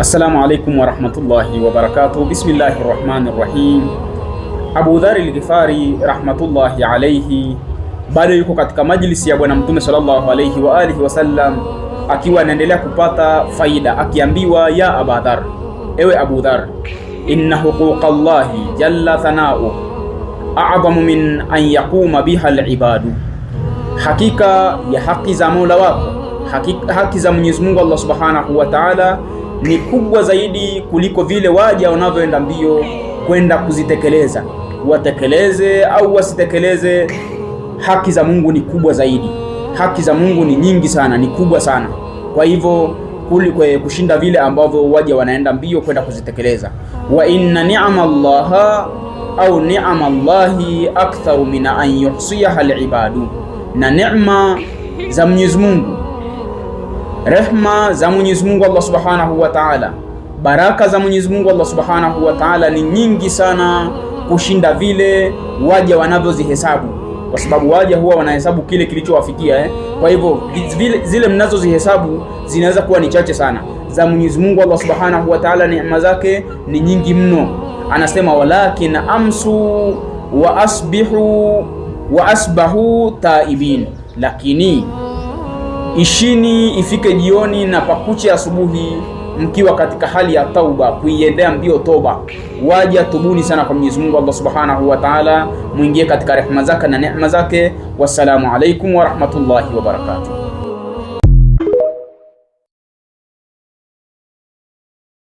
Assalamu alaikum warahmatullahi wabarakatuh. Bismillahi rahmani rahim. Abu Dhari al-Ghifari rahmatullahi alaihi bado yuko katika majlisi ya Bwana Mtume sallallahu alaihi wa alihi wasallam akiwa anaendelea kupata faida, akiambiwa ya Abu Dhar, ewe Abu Dhar, inna huquqa Allahi jalla thanauh a'zamu min an yaquma biha al-ibadu, hakika ya haki za Mola wako, haki za Mwenyezi Mungu Allah subhanahu wa ta'ala ni kubwa zaidi kuliko vile waja wanavyoenda mbio kwenda kuzitekeleza. Watekeleze au wasitekeleze, haki za Mungu ni kubwa zaidi. Haki za Mungu ni nyingi sana, ni kubwa sana, kwa hivyo kuliko kushinda vile ambavyo waja wanaenda mbio kwenda kuzitekeleza. wa inna ni'ama Allaha au ni'ama Allahi aktharu min an yuhsiha alibadu, na neema za Mwenyezi Mungu Rehma za Mwenyezi Mungu Allah Subhanahu wa Ta'ala, baraka za Mwenyezi Mungu Allah Subhanahu wa Ta'ala ni nyingi sana kushinda vile waja wanavyozihesabu, kwa sababu waja huwa wanahesabu kile kilichowafikia eh. Kwa hivyo zile mnazozihesabu zinaweza kuwa ni chache sana. Za Mwenyezi Mungu Allah Subhanahu wa Ta'ala, neema zake ni nyingi mno. Anasema, walakin amsu wa asbihu wa asbahu taibin, lakini Ishini ifike jioni na pakuche asubuhi, mkiwa katika hali ya tauba, kuiendea mbio toba. Waja tubuni sana kwa Mwenyezi Mungu Allah Subhanahu wa Ta'ala, mwingie katika rehema zake na neema zake. Wassalamu alaikum wa rahmatullahi wa barakatuh.